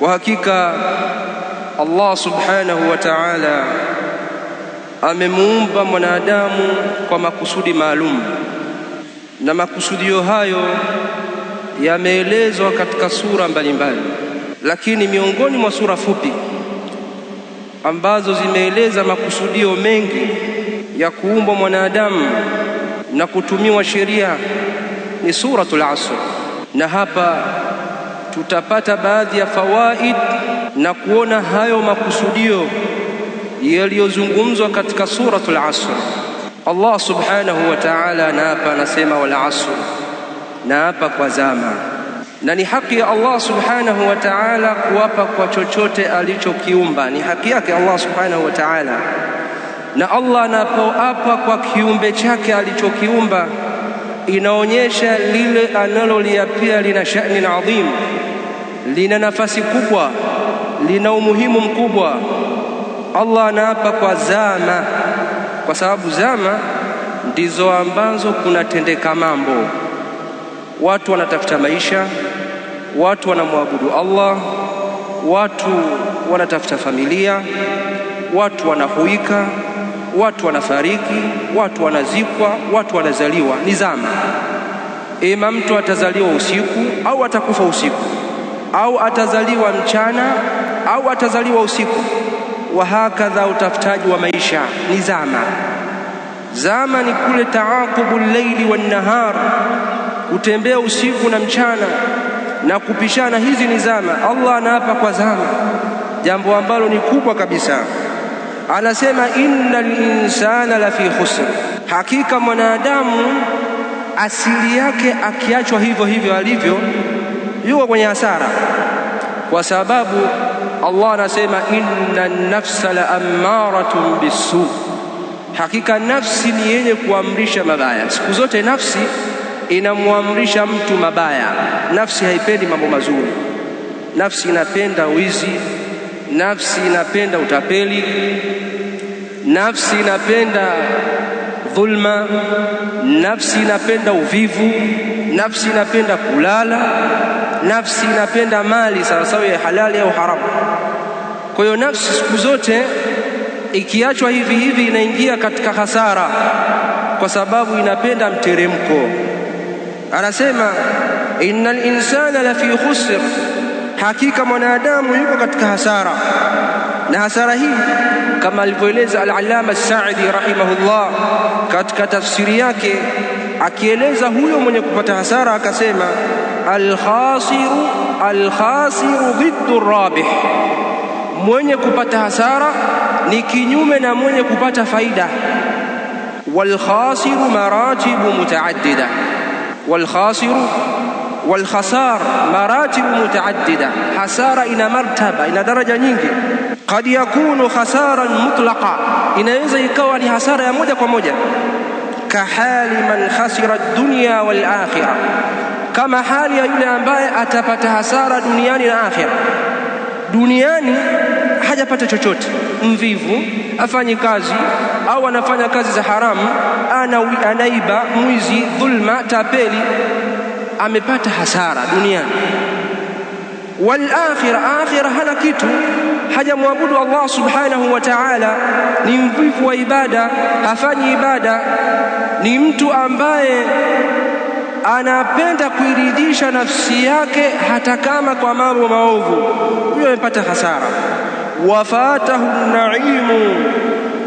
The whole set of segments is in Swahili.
Kwa hakika Allah subhanahu wa ta'ala amemuumba mwanadamu kwa makusudi maalum, na makusudio hayo yameelezwa katika sura mbalimbali mbali. Lakini miongoni mwa sura fupi ambazo zimeeleza makusudio mengi ya kuumbwa mwanadamu na kutumiwa sheria ni Suratul Asr, na hapa tutapata baadhi ya fawaid na kuona hayo makusudio yaliyozungumzwa katika suratul Asr. Allah subhanahu wa ta'ala anaapa, anasema wal asr, naapa kwa zama, na ni haki ya Allah subhanahu wa ta'ala kuapa kwa chochote alichokiumba, ni haki yake Allah subhanahu wa ta'ala. Na Allah anapoapa kwa kiumbe chake alichokiumba inaonyesha lile analoliapia lina shani adhim, lina nafasi kubwa, lina umuhimu mkubwa. Allah anaapa kwa zama, kwa sababu zama ndizo ambazo kunatendeka mambo, watu wanatafuta maisha, watu wanamwabudu Allah, watu wanatafuta familia, watu wanahuika watu wanafariki, watu wanazikwa, watu wanazaliwa. Ni zama, ima mtu atazaliwa usiku au atakufa usiku, au atazaliwa mchana au atazaliwa usiku. Wa hakadha utafutaji wa maisha ni zama. Zama ni kule taakubu llaili wannahar, kutembea usiku na mchana na kupishana. Hizi ni zama. Allah anaapa kwa zama, jambo ambalo ni kubwa kabisa anasema inna linsana la fi khusr, hakika mwanadamu asili yake akiachwa hivyo hivyo alivyo yuko kwenye hasara, kwa sababu Allah anasema inna nafsa la ammaratun bisu, hakika nafsi ni yenye kuamrisha mabaya. Siku zote nafsi inamwamrisha mtu mabaya. Nafsi haipendi mambo mazuri, nafsi inapenda wizi nafsi inapenda utapeli, nafsi inapenda dhulma, nafsi inapenda uvivu, nafsi inapenda kulala, nafsi inapenda mali sawasawa ya halali au haramu. Kwa hiyo nafsi siku zote ikiachwa hivi hivi inaingia katika hasara, kwa sababu inapenda mteremko. Anasema innal insana lafi khusr Hakika mwanadamu yuko katika hasara, na hasara hii kama alivyoeleza al-Allama Saadi rahimahullah katika tafsiri yake, akieleza huyo mwenye kupata hasara akasema, alkhasiru alkhasiru biddu rabih, mwenye kupata hasara ni kinyume na mwenye kupata faida. Walkhasiru maratibu mutaaddida, walkhasiru walkhasar maratibu mutaaddida, hasara ina martaba, ina daraja nyingi. Qad yakunu khasaran mutlaqa, inaweza ikawa ni hasara ya moja kwa moja. Kahali man khasira dunya wal akhirah, kama hali ya yule ambaye atapata hasara duniani na akhira. Duniani hajapata chochote, mvivu, afanyi kazi au anafanya kazi za haramu, anaiba, mwizi, dhulma, tapeli amepata hasara duniani, wal akhira, akhira hana kitu, hajamwabudu Allah subhanahu wa ta'ala, ni mvivu wa ibada, hafanyi ibada, ni mtu ambaye anapenda kuiridhisha nafsi yake hata kama kwa mambo maovu, huyo amepata hasara. wafatahu naimu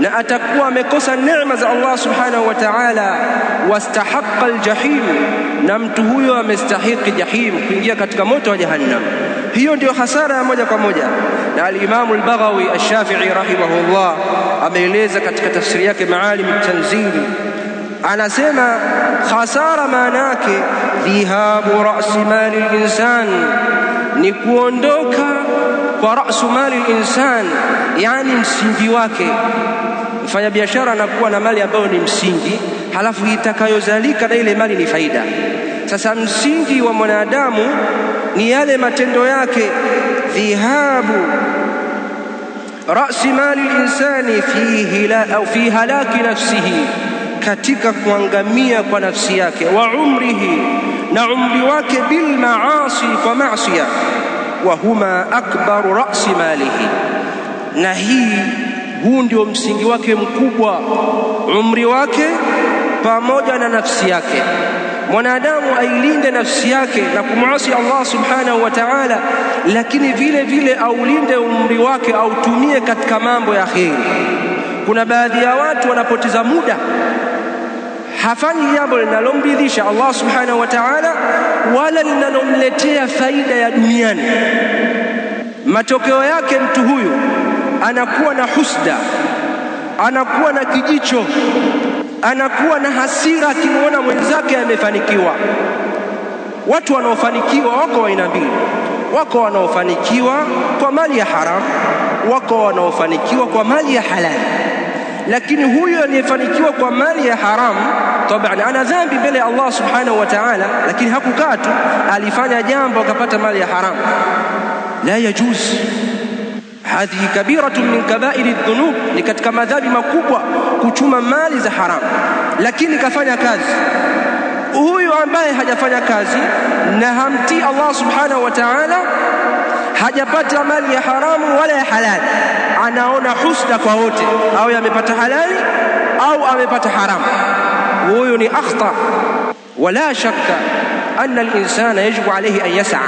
na atakuwa amekosa neema za Allah subhanahu wa ta'ala. Wastahaqa aljahim, na mtu huyo amestahiki jahim, kuingia katika moto wa Jahannam. Hiyo ndiyo hasara ya moja kwa moja. Na alimamu Albaghawi Alshafii rahimahullah ameeleza katika tafsiri yake Maalim Tanzili, anasema khasara maana yake dhihabu rasi mali linsan, ni kuondoka kwa rasu mali linsan, yani msingi wake biashara anakuwa na mali ambayo ni msingi, halafu itakayozalika na ile mali ni faida. Sasa msingi wa mwanadamu ni yale matendo yake, dhihabu rasi mali linsani fi au fi halaki nafsihi, katika kuangamia kwa nafsi yake, wa umrihi, na umri wake, bil maasi, kwa maasiya, wa huma akbaru rasi malihi, na hii huu ndio msingi wake mkubwa, umri wake pamoja na nafsi yake. Mwanadamu ailinde nafsi yake na kumwasi Allah subhanahu wa ta'ala, lakini vile vile aulinde umri wake, autumie katika mambo ya kheri. Kuna baadhi ya watu wanapoteza muda, hafanyi jambo linalomridhisha Allah subhanahu wa ta'ala wala linalomletea faida ya duniani. Matokeo yake mtu huyu anakuwa na husda, anakuwa na kijicho, anakuwa na hasira akimwona mwenzake amefanikiwa. Watu wanaofanikiwa wako aina mbili, wako wanaofanikiwa kwa mali ya haramu, wako wanaofanikiwa kwa mali ya halali. Lakini huyo aliyefanikiwa kwa mali ya haramu taban, ana dhambi mbele ya Allah subhanahu wa ta'ala, lakini hakukaa tu, alifanya jambo akapata mali ya haramu, la yajuz هذه كبيرة من كبائر الذنوب لكت كما ذابي ما كوبا كتوما مال إذا حرام لكن كفانيا كاز هو أمباي هجا فانيا كازي نهمتي الله سبحانه وتعالى هجا بات مال يا حرام ولا حلال أنا هنا حسنة كهوت أو يا مبات حلال أو أمبات حرام هو أخطأ ولا شك أن الإنسان يجب عليه أن يسعى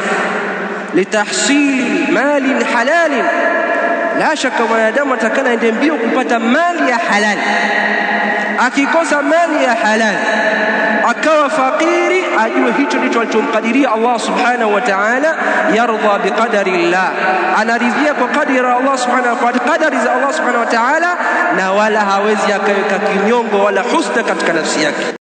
لتحصيل مال حلال La shaka mwanadamu atakana ende mbio kupata mali ya halali. Akikosa mali ya halali akawa fakiri, ajue hicho ndicho alichomkadiria Allah subhanahu wa ta'ala. Yardha biqadari llah, anaridhia kwa kadri ya Allah subhanahu wa ta'ala, kadri za Allah subhanahu wa ta'ala, na wala hawezi akaweka kinyongo wala husda katika nafsi yake.